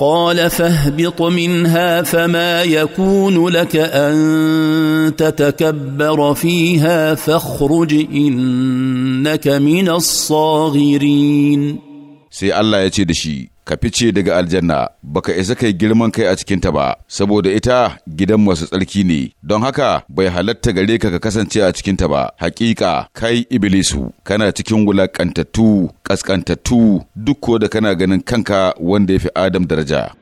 قال فاهبط منها فما يكون لك ان تتكبر فيها فاخرج انك من الصاغرين sai Allah ya ce da shi, Ka fice daga aljanna, baka isa kai girman kai a cikinta ba, saboda ita gidan masu tsarki ne, don haka bai halatta gare ka ka kasance a cikinta ba, hakika kai ibilisu kana cikin wulaƙantattu, ƙasƙantattu, duk ko da kana ganin kanka wanda ya fi Adam daraja.